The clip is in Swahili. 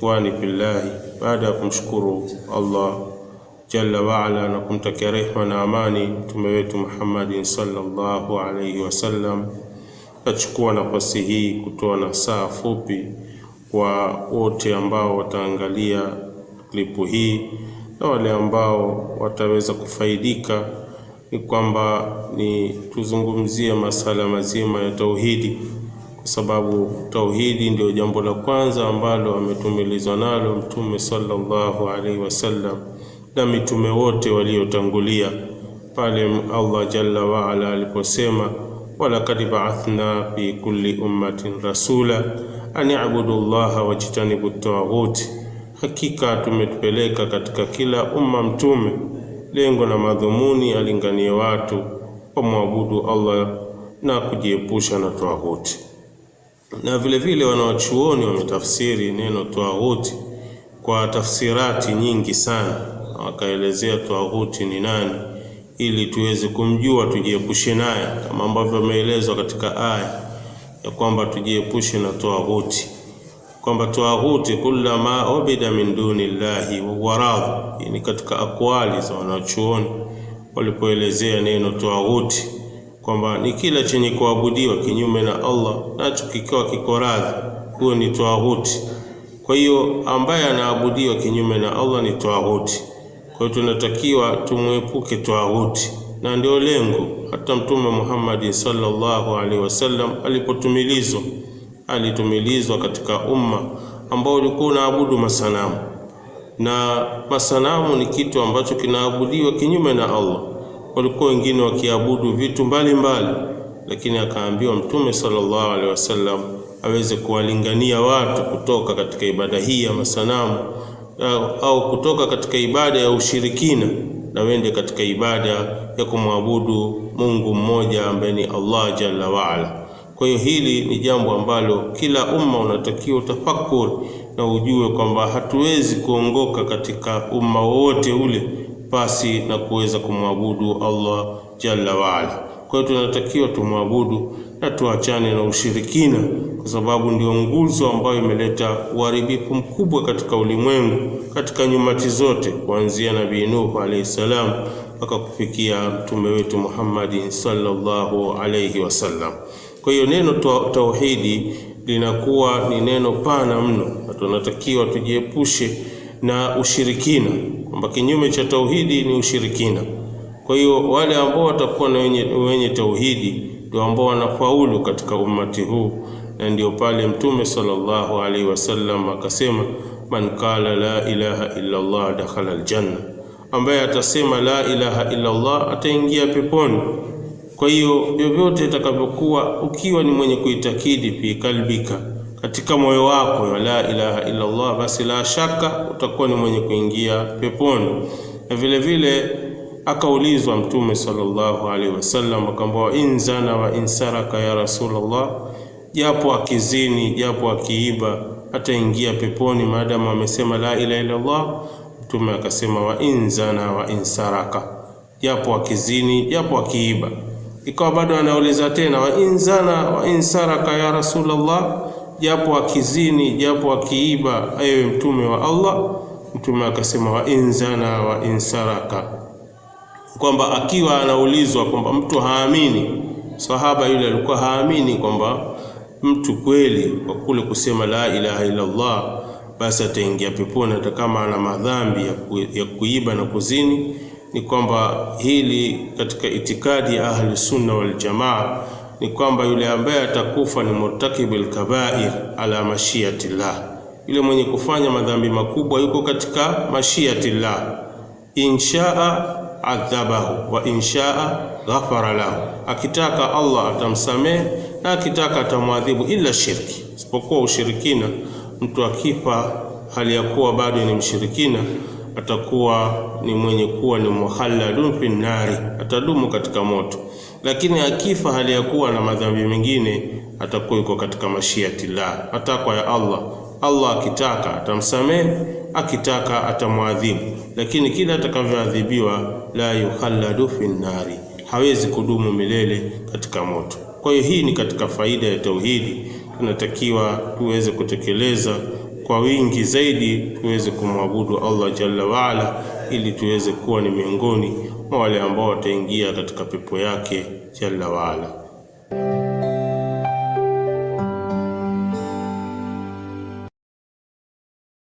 shukrani billahi, baada ya kumshukuru Allah jalla waala na kumtakia rehma na amani mtume wetu Muhammadin sallallahu alaihi wasallam, tachukua nafasi hii kutoa nasaha fupi kwa wote ambao wataangalia klipu hii na wale ambao wataweza kufaidika, ni kwamba ni tuzungumzie masala mazima ya tauhidi sababu tauhidi ndio jambo la kwanza ambalo ametumilizwa nalo Mtume sallallahu alaihi wasallam na mitume wote waliotangulia pale Allah jalla waala aliposema walakad baathna fi kulli ummatin rasula an ibudu llaha wajtanibu taghuti, hakika tumetupeleka katika kila umma mtume. Lengo na madhumuni alinganie watu wamwabudu Allah na kujiepusha na taghuti na vile wanawachuoni wametafsiri neno twahuti kwa tafsirati nyingi sana, wakaelezea twahuti ni nani, ili tuweze kumjua, tujiepushe naye, kama ambavyo ameelezwa katika aya ya kwamba tujiepushe na twahuti, kwamba twahuti kulla ma ubida min duni llahi wahuwa Ni katika akwali za wanachuoni walipoelezea neno twahuti kwamba ni kila chenye kuabudiwa kinyume na Allah nacho kikiwa kiko radhi, huyo ni twahuti. Kwa hiyo ambaye anaabudiwa kinyume na Allah ni twahuti. Kwa hiyo tunatakiwa tumwepuke twahuti, na ndio lengo hata Mtume Muhammad sallallahu alaihi wasallam alipotumilizwa alitumilizwa katika umma ambao ulikuwa unaabudu masanamu, na masanamu ni kitu ambacho kinaabudiwa kinyume na Allah walikuwa wengine wakiabudu vitu mbalimbali mbali, lakini akaambiwa Mtume sallallahu alaihi wasallam aweze kuwalingania watu kutoka katika ibada hii ya masanamu au kutoka katika ibada ya ushirikina na wende katika ibada ya kumwabudu Mungu mmoja ambaye ni Allah jalla waala. Kwa hiyo hili ni jambo ambalo kila umma unatakiwa utafakuri na ujue kwamba hatuwezi kuongoka katika umma wowote ule pasi na kuweza kumwabudu Allah jalla waala. Kwa hiyo tunatakiwa tumwabudu na tuachane na ushirikina, kwa sababu ndio nguzo ambayo imeleta uharibifu mkubwa katika ulimwengu, katika nyumati zote, kuanzia Nabii Nuhu alayhi salam mpaka kufikia mtume wetu Muhammadin sallallahu alayhi wasallam. Kwa hiyo neno tauhidi linakuwa ni neno pana mno, na tunatakiwa tujiepushe na ushirikina kwamba kinyume cha tauhidi ni ushirikina. Kwa hiyo wale ambao watakuwa na wenye, wenye tauhidi ndio ambao wanafaulu katika ummati huu, na ndio pale Mtume sallallahu alaihi wasallam akasema, man kala la ilaha illa Allah dakhala aljanna, ambaye atasema la ilaha illa Allah ataingia peponi. Kwa hiyo vyovyote itakavyokuwa, ukiwa ni mwenye kuitakidi fi kalbika katika moyo wako la ilaha illa Allah, basi la shaka utakuwa ni mwenye kuingia peponi. Na vile vile akaulizwa Mtume sallallahu alaihi wasallam, akamwambia inzana wa insaraka ya Rasulullah, japo akizini japo akiiba ataingia peponi maadamu amesema la ilaha illa Allah. Mtume akasema wa inzana wa insaraka, japo akizini japo akiiba. Ikawa bado anauliza tena wa inzana wa insaraka ya Rasulullah japo akizini, japo akiiba, ewe mtume wa Allah. Mtume akasema wa inzana wa insaraka, kwamba akiwa anaulizwa kwamba mtu haamini, sahaba yule alikuwa haamini kwamba mtu kweli kwa kule kusema la ilaha illa Allah basi ataingia peponi hata kama ana madhambi ya, ku, ya kuiba na kuzini. Ni kwamba hili katika itikadi ya ahli sunna wal jamaa ni kwamba yule ambaye atakufa ni murtakibul kabair ala mashiatillah, yule mwenye kufanya madhambi makubwa yuko katika mashiatillah. Inshaa adhabahu wa inshaa ghafara lahu, akitaka Allah atamsamehe na akitaka atamwadhibu, ila shirki, isipokuwa ushirikina. Mtu akifa hali ya kuwa bado ni mshirikina atakuwa ni mwenye kuwa ni muhalladun fi nari atadumu katika moto. Lakini akifa hali ya kuwa na madhambi mengine, atakuwa yuko katika la matakwa ya Allah. Allah akitaka atamsamehe, akitaka atamwadhibu, lakini kila atakavyoadhibiwa, la yuhalladu fi nari hawezi kudumu milele katika moto. Kwa hiyo hii ni katika faida ya tauhidi, tunatakiwa tuweze kutekeleza kwa wingi zaidi tuweze kumwabudu Allah jalla waala, ili tuweze kuwa ni miongoni mwa wale ambao wataingia katika pepo yake jalla waala.